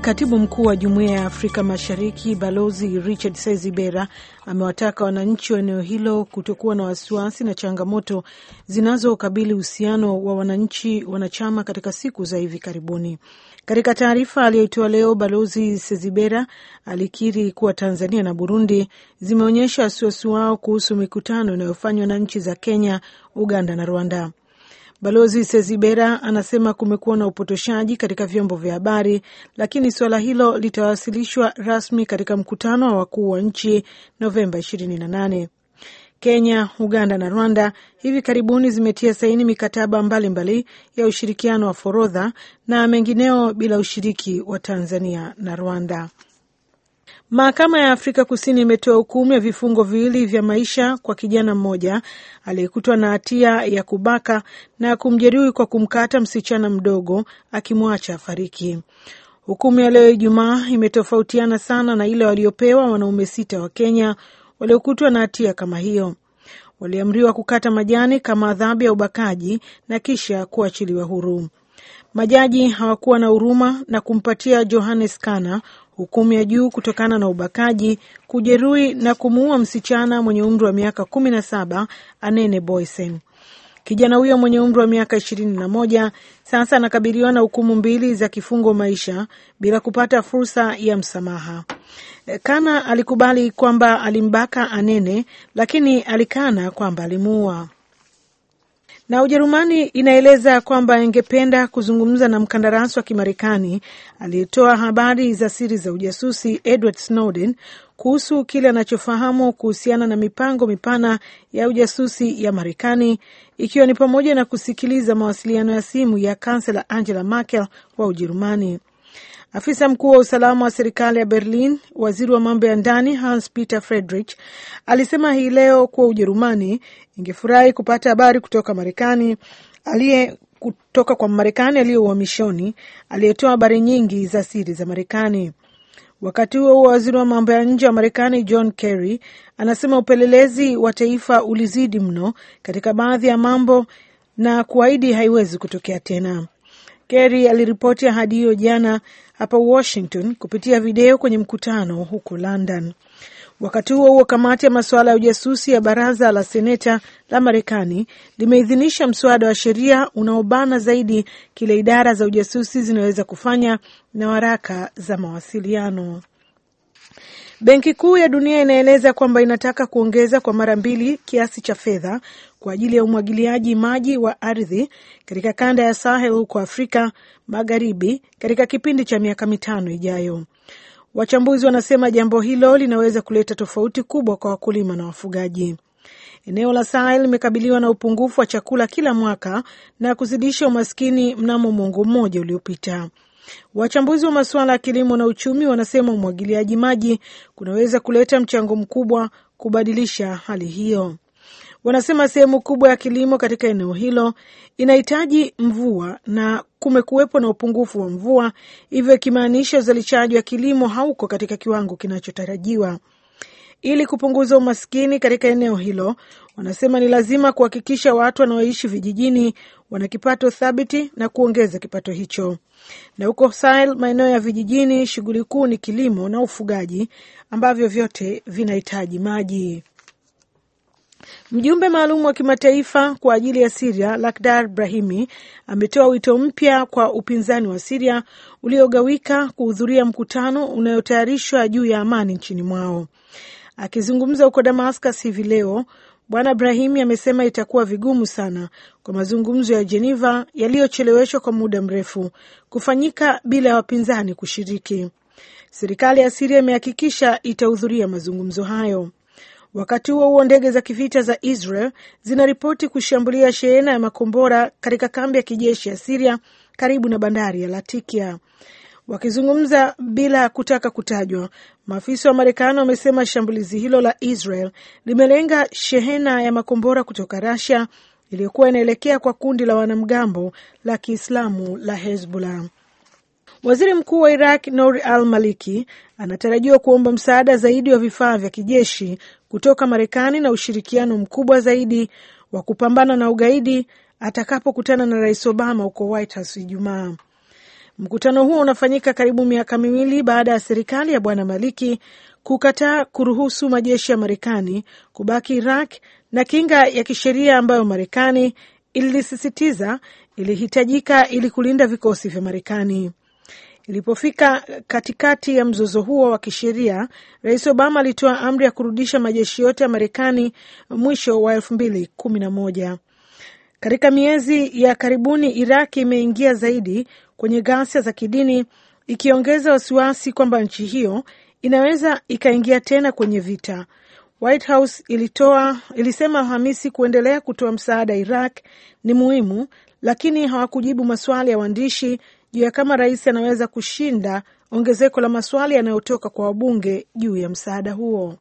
Katibu mkuu wa Jumuiya ya Afrika Mashariki Balozi Richard Sezibera amewataka wananchi wa eneo hilo kutokuwa na wasiwasi na changamoto zinazokabili uhusiano wa wananchi wanachama katika siku za hivi karibuni. Katika taarifa aliyoitoa leo, Balozi Sezibera alikiri kuwa Tanzania na Burundi zimeonyesha wasiwasi wao kuhusu mikutano inayofanywa na nchi za Kenya, Uganda na Rwanda. Balozi Sezibera anasema kumekuwa na upotoshaji katika vyombo vya habari, lakini suala hilo litawasilishwa rasmi katika mkutano wa wakuu wa nchi Novemba 28. Kenya, Uganda na Rwanda hivi karibuni zimetia saini mikataba mbalimbali mbali ya ushirikiano wa forodha na mengineo bila ushiriki wa Tanzania na Rwanda. Mahakama ya Afrika Kusini imetoa hukumu ya vifungo viwili vya maisha kwa kijana mmoja aliyekutwa na hatia ya kubaka na kumjeruhi kwa kumkata msichana mdogo akimwacha afariki. Hukumu ya leo Ijumaa imetofautiana sana na ile waliopewa wanaume sita wa Kenya waliokutwa na hatia kama hiyo. Waliamriwa kukata majani kama adhabu ya ubakaji na kisha kuachiliwa huru. Majaji hawakuwa na huruma na kumpatia Johannes Kana hukumu ya juu kutokana na ubakaji, kujeruhi na kumuua msichana mwenye umri wa miaka kumi na saba Anene Boysen. Kijana huyo mwenye umri wa miaka ishirini na moja sasa anakabiliwa na hukumu mbili za kifungo maisha bila kupata fursa ya msamaha. Kana alikubali kwamba alimbaka Anene, lakini alikana kwamba alimuua. Na Ujerumani inaeleza kwamba ingependa kuzungumza na mkandarasi wa Kimarekani aliyetoa habari za siri za ujasusi Edward Snowden kuhusu kile anachofahamu kuhusiana na mipango mipana ya ujasusi ya Marekani, ikiwa ni pamoja na kusikiliza mawasiliano ya simu ya kansela Angela Merkel wa Ujerumani. Afisa mkuu wa usalama wa serikali ya Berlin, waziri wa mambo ya ndani Hans Peter Friedrich alisema hii leo kuwa Ujerumani Ningefurahi kupata habari kutoka Marekani aliye kutoka kwa Marekani aliye uhamishoni aliyetoa habari nyingi za siri za Marekani. Wakati huo huo, waziri wa mambo ya nje wa Marekani John Kerry anasema upelelezi wa taifa ulizidi mno katika baadhi ya mambo na kuahidi haiwezi kutokea tena. Kerry aliripoti ahadi hiyo jana hapa Washington kupitia video kwenye mkutano huko London. Wakati huo huo, kamati ya masuala ya ujasusi ya baraza la seneta la Marekani limeidhinisha mswada wa sheria unaobana zaidi kile idara za ujasusi zinaweza kufanya na waraka za mawasiliano. Benki Kuu ya Dunia inaeleza kwamba inataka kuongeza kwa mara mbili kiasi cha fedha kwa ajili ya umwagiliaji maji wa ardhi katika kanda ya Sahel huko Afrika Magharibi katika kipindi cha miaka mitano ijayo. Wachambuzi wanasema jambo hilo linaweza kuleta tofauti kubwa kwa wakulima na wafugaji. Eneo la Sahel limekabiliwa na upungufu wa chakula kila mwaka na kuzidisha umaskini mnamo mwongo mmoja uliopita. Wachambuzi wa masuala ya kilimo na uchumi wanasema umwagiliaji maji kunaweza kuleta mchango mkubwa kubadilisha hali hiyo wanasema sehemu kubwa ya kilimo katika eneo hilo inahitaji mvua na kumekuwepo na upungufu wa mvua, hivyo ikimaanisha uzalishaji wa kilimo hauko katika kiwango kinachotarajiwa. Ili kupunguza umaskini katika eneo hilo, wanasema ni lazima kuhakikisha watu wanaoishi vijijini wana kipato thabiti na kuongeza kipato hicho. Na huko Sahel, maeneo ya vijijini, shughuli kuu ni kilimo na ufugaji ambavyo vyote vinahitaji maji. Mjumbe maalum wa kimataifa kwa ajili ya Siria Lakhdar Brahimi ametoa wito mpya kwa upinzani wa Siria uliogawika kuhudhuria mkutano unayotayarishwa juu ya amani nchini mwao. Akizungumza huko Damascus hivi leo, Bwana Brahimi amesema itakuwa vigumu sana kwa mazungumzo ya Jeneva yaliyocheleweshwa kwa muda mrefu kufanyika bila ya wapinzani kushiriki. Serikali ya Siria imehakikisha itahudhuria mazungumzo hayo. Wakati huo huo, ndege za kivita za Israel zinaripoti kushambulia shehena ya makombora katika kambi ya kijeshi ya Siria karibu na bandari ya Latakia. Wakizungumza bila kutaka kutajwa, maafisa wa Marekani wamesema shambulizi hilo la Israel limelenga shehena ya makombora kutoka rasia iliyokuwa inaelekea kwa kundi la wanamgambo la Kiislamu la Hezbollah. Waziri mkuu wa Iraq Nouri al Maliki anatarajiwa kuomba msaada zaidi wa vifaa vya kijeshi kutoka Marekani na ushirikiano mkubwa zaidi wa kupambana na ugaidi atakapokutana na Rais Obama huko White House Ijumaa. Mkutano huo unafanyika karibu miaka miwili baada ya serikali ya Bwana Maliki kukataa kuruhusu majeshi ya Marekani kubaki Iraq na kinga ya kisheria ambayo Marekani ilisisitiza ilihitajika ili kulinda vikosi vya Marekani. Ilipofika katikati ya mzozo huo wa kisheria, Rais Obama alitoa amri ya kurudisha majeshi yote ya Marekani mwisho wa elfu mbili kumi na moja. Katika miezi ya karibuni, Iraki imeingia zaidi kwenye ghasia za kidini, ikiongeza wasiwasi kwamba nchi hiyo inaweza ikaingia tena kwenye vita. White House ilitoa, ilisema Alhamisi kuendelea kutoa msaada Iraq ni muhimu, lakini hawakujibu maswali ya waandishi juu ya kama rais anaweza kushinda ongezeko la maswali yanayotoka kwa wabunge juu ya msaada huo.